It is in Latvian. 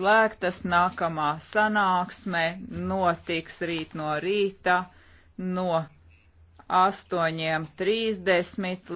slēgtas. Nākamā sanāksme notiks rīt no rīta no 8.30.